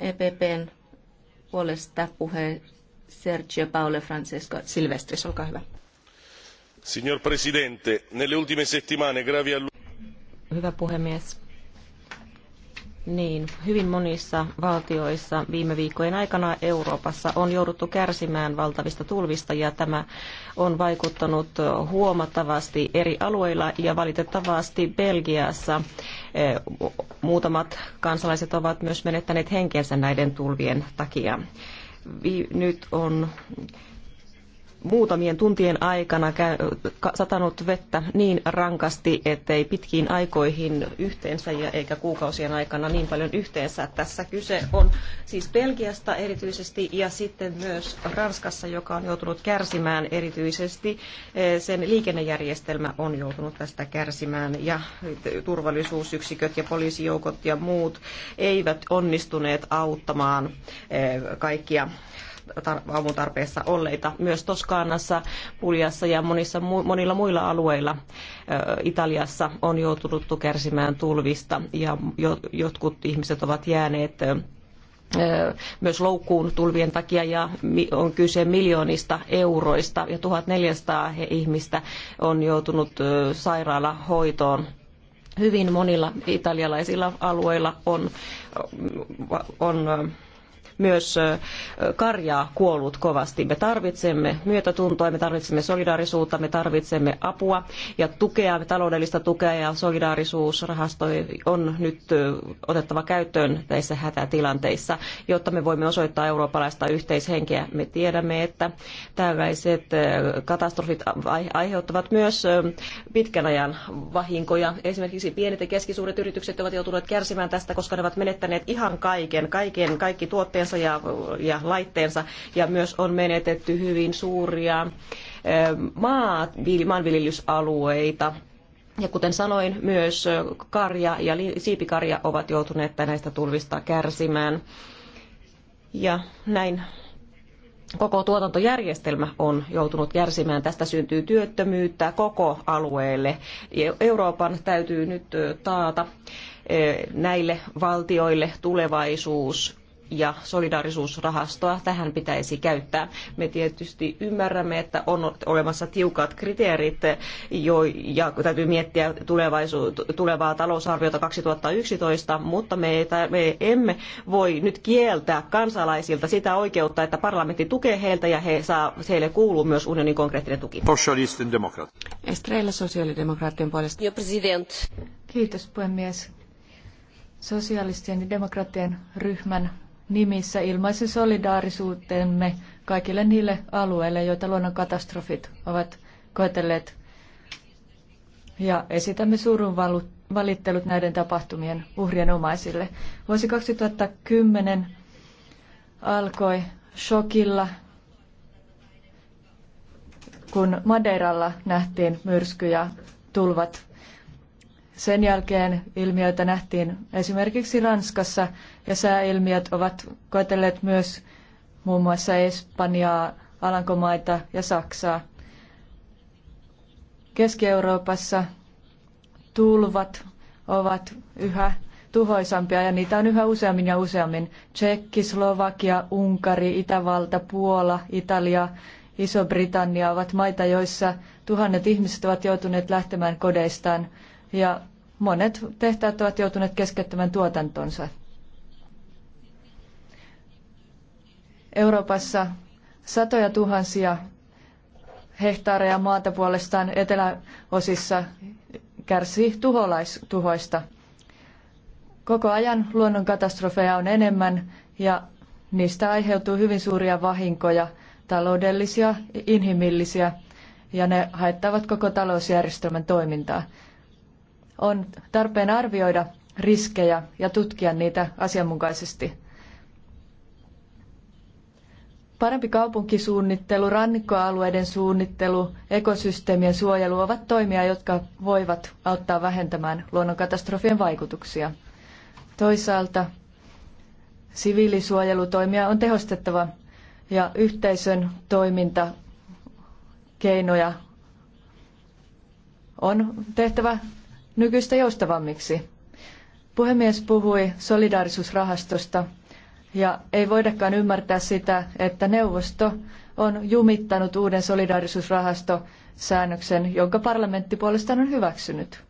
EPPn puolesta puhe Sergio Paolo Francesco Silvestris, olkaa hyvä. Signor Presidente, nelle ultime settimane gravi Hyvä puhemies. Niin, hyvin monissa valtioissa viime viikkojen aikana Euroopassa on jouduttu kärsimään valtavista tulvista ja tämä on vaikuttanut huomattavasti eri alueilla ja valitettavasti Belgiassa Muutamat kansalaiset ovat myös menettäneet henkensä näiden tulvien takia. Nyt on muutamien tuntien aikana satanut vettä niin rankasti, ettei pitkiin aikoihin yhteensä ja eikä kuukausien aikana niin paljon yhteensä. Tässä kyse on siis Belgiasta erityisesti ja sitten myös Ranskassa, joka on joutunut kärsimään erityisesti. Eh, sen liikennejärjestelmä on joutunut tästä kärsimään ja turvallisuusyksiköt ja poliisijoukot ja muut eivät onnistuneet auttamaan eh, kaikkia avun tarpeessa olleita myös Toskaanassa, Puljassa ja monissa, monilla muilla alueilla. Italiassa on joutunut kärsimään tulvista ja jotkut ihmiset ovat jääneet myös loukkuun tulvien takia ja on kyse miljoonista euroista ja 1400 ihmistä on joutunut sairaalahoitoon hyvin monilla italialaisilla alueilla on, on myös karjaa kuollut kovasti. Me tarvitsemme myötätuntoa, me tarvitsemme solidaarisuutta, me tarvitsemme apua ja tukea, taloudellista tukea ja solidaarisuusrahasto on nyt otettava käyttöön näissä hätätilanteissa, jotta me voimme osoittaa eurooppalaista yhteishenkeä. Me tiedämme, että tällaiset katastrofit aiheuttavat myös pitkän ajan vahinkoja. Esimerkiksi pienet ja keskisuuret yritykset ovat joutuneet kärsimään tästä, koska ne ovat menettäneet ihan kaiken, kaiken, kaikki tuotteet koneensa ja, ja laitteensa ja myös on menetetty hyvin suuria maat, maanviljelysalueita. Ja kuten sanoin, myös karja ja siipikarja ovat joutuneet näistä tulvista kärsimään. Ja näin koko tuotantojärjestelmä on joutunut kärsimään. Tästä syntyy työttömyyttä koko alueelle. Euroopan täytyy nyt taata näille valtioille tulevaisuus ja solidaarisuusrahastoa tähän pitäisi käyttää. Me tietysti ymmärrämme, että on olemassa tiukat kriteerit jo, ja täytyy miettiä tulevaa talousarviota 2011, mutta me, me emme voi nyt kieltää kansalaisilta sitä oikeutta, että parlamentti tukee heiltä ja he saa, heille kuuluu myös unionin konkreettinen tuki. Estrella sosiaalidemokraattien puolesta. Jo president. Kiitos puhemies. Sosialistien ja demokraattien ryhmän nimissä ilmaisi solidaarisuutemme kaikille niille alueille, joita luonnonkatastrofit ovat koetelleet. Ja esitämme surun valittelut näiden tapahtumien uhrien omaisille. Vuosi 2010 alkoi shokilla, kun Madeiralla nähtiin myrsky ja tulvat. Sen jälkeen ilmiöitä nähtiin esimerkiksi Ranskassa ja sääilmiöt ovat koetelleet myös muun muassa Espanjaa, Alankomaita ja Saksaa. Keski-Euroopassa tulvat ovat yhä tuhoisampia ja niitä on yhä useammin ja useammin. Tsekki, Slovakia, Unkari, Itävalta, Puola, Italia, Iso-Britannia ovat maita, joissa tuhannet ihmiset ovat joutuneet lähtemään kodeistaan ja monet tehtaat ovat joutuneet keskeyttämään tuotantonsa. Euroopassa satoja tuhansia hehtaareja maata puolestaan eteläosissa kärsii tuholaistuhoista. Koko ajan luonnonkatastrofeja on enemmän ja niistä aiheutuu hyvin suuria vahinkoja, taloudellisia, inhimillisiä, ja ne haittavat koko talousjärjestelmän toimintaa on tarpeen arvioida riskejä ja tutkia niitä asianmukaisesti. Parempi kaupunkisuunnittelu, rannikkoalueiden suunnittelu, ekosysteemien suojelu ovat toimia, jotka voivat auttaa vähentämään luonnonkatastrofien vaikutuksia. Toisaalta siviilisuojelutoimia on tehostettava ja yhteisön toimintakeinoja on tehtävä nykyistä joustavammiksi. Puhemies puhui solidaarisuusrahastosta ja ei voidakaan ymmärtää sitä, että neuvosto on jumittanut uuden solidaarisuusrahastosäännöksen, jonka parlamentti puolestaan on hyväksynyt.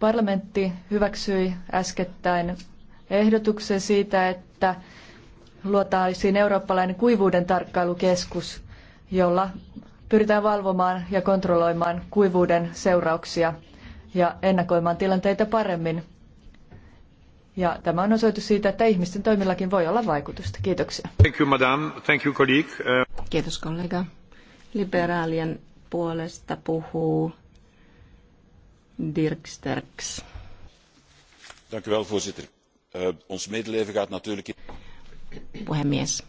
Parlamentti hyväksyi äskettäin ehdotuksen siitä, että luotaisiin eurooppalainen kuivuuden tarkkailukeskus, jolla pyritään valvomaan ja kontrolloimaan kuivuuden seurauksia ja ennakoimaan tilanteita paremmin. Ja tämä on osoitus siitä, että ihmisten toimillakin voi olla vaikutusta. Kiitoksia. Thank you, madam. Thank you, colleague. Uh, Kiitos kollega. Liberaalien puolesta puhuu Dirk Sterks. Dank u wel, voorzitter. Uh, ons medeleven gaat natuurlijk... Puhemies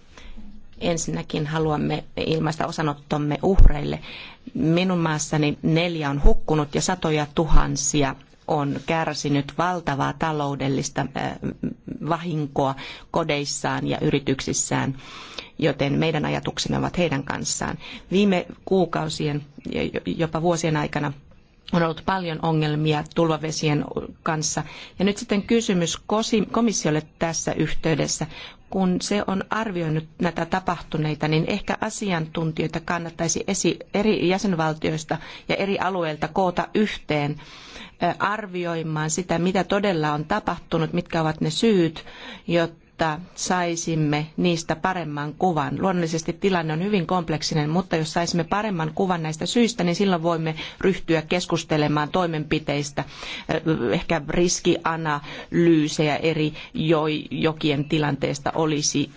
Ensinnäkin haluamme ilmaista osanottomme uhreille. Minun maassani neljä on hukkunut ja satoja tuhansia on kärsinyt valtavaa taloudellista vahinkoa kodeissaan ja yrityksissään, joten meidän ajatuksemme ovat heidän kanssaan. Viime kuukausien, jopa vuosien aikana on ollut paljon ongelmia tulvavesien kanssa. Ja nyt sitten kysymys komissiolle tässä yhteydessä kun se on arvioinut näitä tapahtuneita, niin ehkä asiantuntijoita kannattaisi esi- eri jäsenvaltioista ja eri alueilta koota yhteen arvioimaan sitä, mitä todella on tapahtunut, mitkä ovat ne syyt, jotta jotta saisimme niistä paremman kuvan. Luonnollisesti tilanne on hyvin kompleksinen, mutta jos saisimme paremman kuvan näistä syistä, niin silloin voimme ryhtyä keskustelemaan toimenpiteistä, äh, ehkä riskianalyysejä eri jokien tilanteesta olisi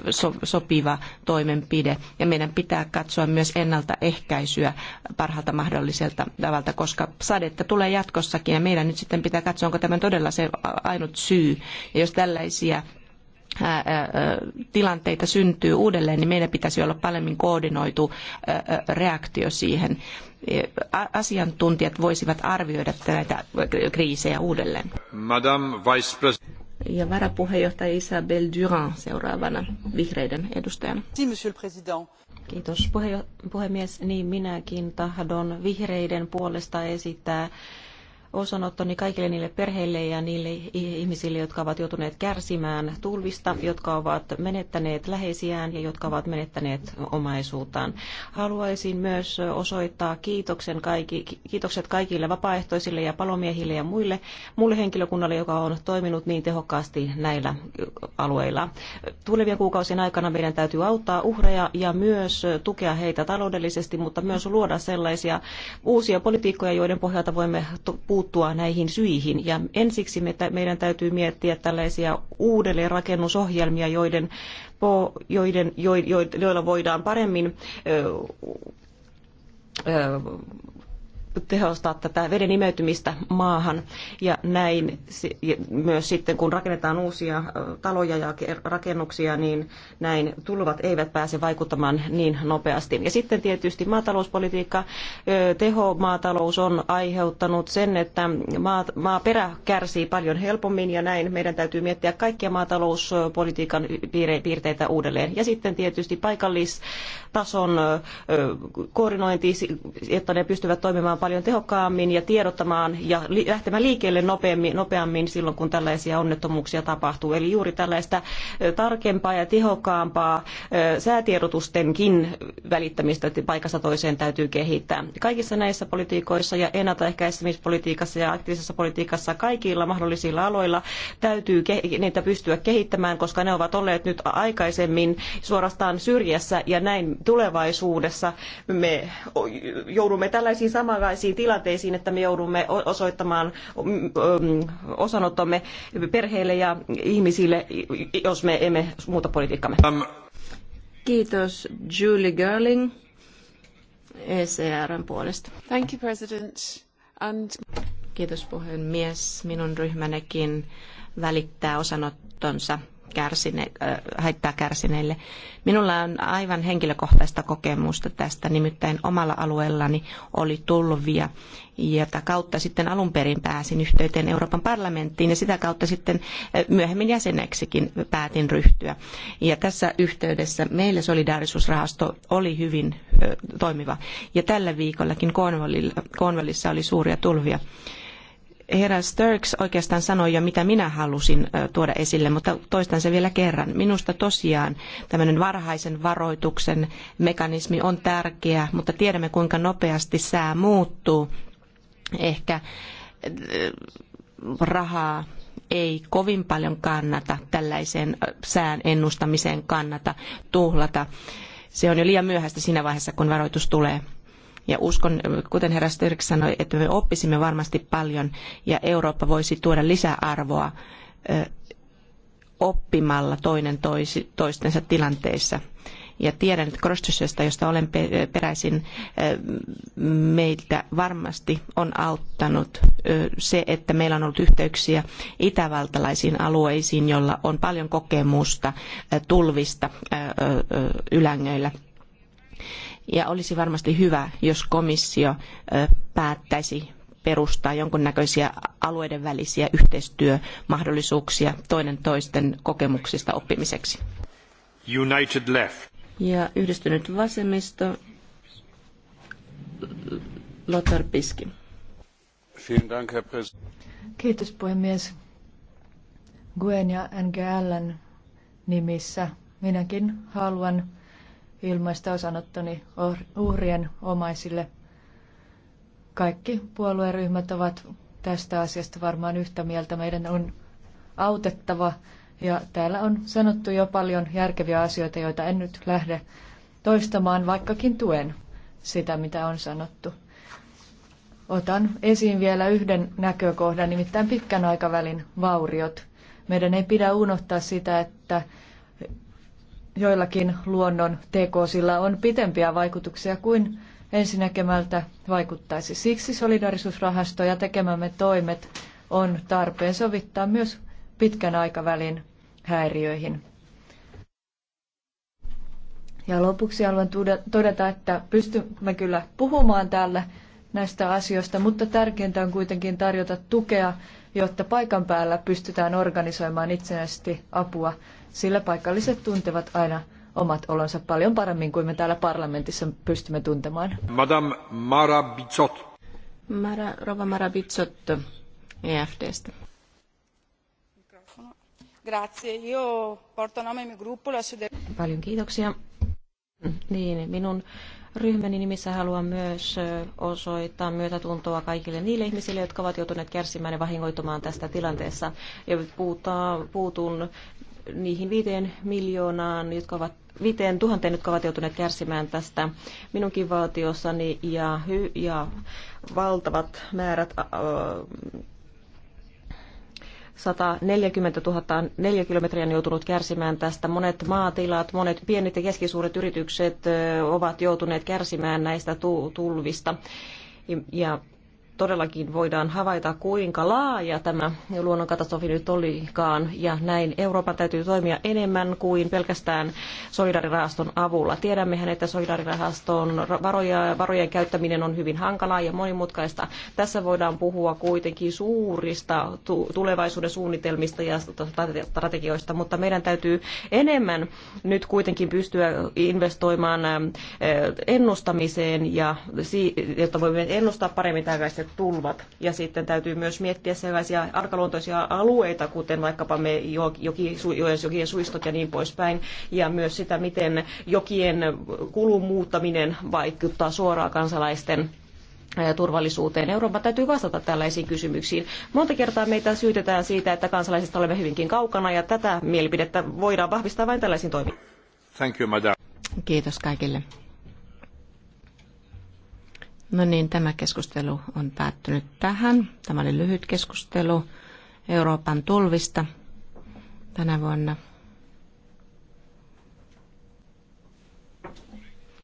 sopiva toimenpide. Ja meidän pitää katsoa myös ennaltaehkäisyä parhaalta mahdolliselta tavalla, koska sadetta tulee jatkossakin ja meidän nyt sitten pitää katsoa, onko tämä todella se ainut syy. Ja jos tällaisia tilanteita syntyy uudelleen, niin meidän pitäisi olla paremmin koordinoitu reaktio siihen. Asiantuntijat voisivat arvioida näitä kriisejä uudelleen. Madame Vice President. Ja varapuheenjohtaja Isabel Durand seuraavana vihreiden edustajana. Kiitos puhemies. Niin minäkin tahdon vihreiden puolesta esittää osanottoni kaikille niille perheille ja niille ihmisille, jotka ovat joutuneet kärsimään tulvista, jotka ovat menettäneet läheisiään ja jotka ovat menettäneet omaisuuttaan. Haluaisin myös osoittaa kiitoksen kaikki, kiitokset kaikille vapaaehtoisille ja palomiehille ja muille, muulle henkilökunnalle, joka on toiminut niin tehokkaasti näillä alueilla. Tulevien kuukausien aikana meidän täytyy auttaa uhreja ja myös tukea heitä taloudellisesti, mutta myös luoda sellaisia uusia politiikkoja, joiden pohjalta voimme puuttua puuttua näihin syihin. Ja ensiksi meidän täytyy miettiä tällaisia uudelleenrakennusohjelmia, joiden, joiden, joilla voidaan paremmin tehostaa tätä veden imeytymistä maahan ja näin myös sitten kun rakennetaan uusia taloja ja rakennuksia, niin näin tulvat eivät pääse vaikuttamaan niin nopeasti. Ja sitten tietysti maatalouspolitiikka, tehomaatalous on aiheuttanut sen, että maa, maaperä kärsii paljon helpommin ja näin meidän täytyy miettiä kaikkia maatalouspolitiikan piirteitä uudelleen. Ja sitten tietysti paikallistason koordinointi, että ne pystyvät toimimaan paljon tehokkaammin ja tiedottamaan ja lähtemään liikkeelle nopeammin, nopeammin silloin, kun tällaisia onnettomuuksia tapahtuu. Eli juuri tällaista tarkempaa ja tehokkaampaa säätiedotustenkin välittämistä paikasta toiseen täytyy kehittää. Kaikissa näissä politiikoissa ja ennaltaehkäisemispolitiikassa ja aktiivisessa politiikassa kaikilla mahdollisilla aloilla täytyy niitä pystyä kehittämään, koska ne ovat olleet nyt aikaisemmin suorastaan syrjässä ja näin tulevaisuudessa me joudumme tällaisiin samanlaisiin sellaisiin tilanteisiin, että me joudumme osoittamaan mm, mm, osanottomme perheille ja ihmisille, jos me emme muuta politiikkamme. Kiitos Julie Girling ECRn puolesta. Thank you, President. And... Kiitos puhemies. Minun ryhmänekin välittää osanottonsa kärsine, haittaa kärsineille. Minulla on aivan henkilökohtaista kokemusta tästä, nimittäin omalla alueellani oli tulvia, jota kautta sitten alun perin pääsin yhteyteen Euroopan parlamenttiin ja sitä kautta sitten myöhemmin jäseneksikin päätin ryhtyä. Ja tässä yhteydessä meille solidaarisuusrahasto oli hyvin toimiva. Ja tällä viikollakin Cornwallissa oli suuria tulvia herra Sturks oikeastaan sanoi jo, mitä minä halusin tuoda esille, mutta toistan sen vielä kerran. Minusta tosiaan tämmöinen varhaisen varoituksen mekanismi on tärkeä, mutta tiedämme kuinka nopeasti sää muuttuu. Ehkä rahaa ei kovin paljon kannata, tällaiseen sään ennustamiseen kannata tuhlata. Se on jo liian myöhäistä siinä vaiheessa, kun varoitus tulee ja uskon, kuten herra Styrk sanoi, että me oppisimme varmasti paljon ja Eurooppa voisi tuoda lisäarvoa oppimalla toinen toisi, toistensa tilanteissa. Ja tiedän, että Krostusesta, josta olen peräisin, meiltä varmasti on auttanut se, että meillä on ollut yhteyksiä itävaltalaisiin alueisiin, joilla on paljon kokemusta tulvista ylängöillä ja olisi varmasti hyvä, jos komissio päättäisi perustaa jonkunnäköisiä alueiden välisiä yhteistyömahdollisuuksia toinen toisten kokemuksista oppimiseksi. United Left. Ja yhdistynyt vasemmisto, Lothar Piski. Kiitos puhemies. Guen ja NGLn nimissä minäkin haluan ilmaista osanottoni uhrien omaisille. Kaikki puolueryhmät ovat tästä asiasta varmaan yhtä mieltä. Meidän on autettava ja täällä on sanottu jo paljon järkeviä asioita, joita en nyt lähde toistamaan, vaikkakin tuen sitä, mitä on sanottu. Otan esiin vielä yhden näkökohdan, nimittäin pitkän aikavälin vauriot. Meidän ei pidä unohtaa sitä, että joillakin luonnon tekosilla on pitempiä vaikutuksia kuin ensinäkemältä vaikuttaisi. Siksi solidarisuusrahasto ja tekemämme toimet on tarpeen sovittaa myös pitkän aikavälin häiriöihin. Ja lopuksi haluan todeta, että pystymme kyllä puhumaan täällä näistä asioista, mutta tärkeintä on kuitenkin tarjota tukea, jotta paikan päällä pystytään organisoimaan itsenäisesti apua sillä paikalliset tuntevat aina omat olonsa paljon paremmin kuin me täällä parlamentissa pystymme tuntemaan. Madame Mara Bizzotto. Mara, Rova Mara Bizzotto, EFDstä. Grazie, io porto nome mio gruppo la Paljon kiitoksia. Niin, minun ryhmäni nimissä haluan myös osoittaa myötätuntoa kaikille niille ihmisille, jotka ovat joutuneet kärsimään ja vahingoitumaan tästä tilanteessa. Ja puutun niihin viiteen miljoonaan, jotka ovat viiteen tuhanteen, jotka ovat joutuneet kärsimään tästä minunkin valtiossani ja, hy, ja valtavat määrät äh, 140 000 kilometriä on joutunut kärsimään tästä. Monet maatilat, monet pienet ja keskisuuret yritykset ovat joutuneet kärsimään näistä tulvista. Ja todellakin voidaan havaita, kuinka laaja tämä luonnonkatastrofi nyt olikaan. Ja näin Euroopan täytyy toimia enemmän kuin pelkästään solidaarirahaston avulla. Tiedämmehän, että solidaarirahaston varoja, varojen käyttäminen on hyvin hankalaa ja monimutkaista. Tässä voidaan puhua kuitenkin suurista tulevaisuuden suunnitelmista ja strategioista, mutta meidän täytyy enemmän nyt kuitenkin pystyä investoimaan ennustamiseen, ja, jotta voimme ennustaa paremmin tällaista mahdolliset tulvat. Ja sitten täytyy myös miettiä sellaisia arkaluontoisia alueita, kuten vaikkapa me joki, jokien suistot ja niin poispäin, ja myös sitä, miten jokien kulun muuttaminen vaikuttaa suoraan kansalaisten turvallisuuteen. Euroopan täytyy vastata tällaisiin kysymyksiin. Monta kertaa meitä syytetään siitä, että kansalaisista olemme hyvinkin kaukana ja tätä mielipidettä voidaan vahvistaa vain tällaisiin toimiin. Thank you, madam. Kiitos kaikille. No niin, tämä keskustelu on päättynyt tähän. Tämä oli lyhyt keskustelu Euroopan tulvista tänä vuonna.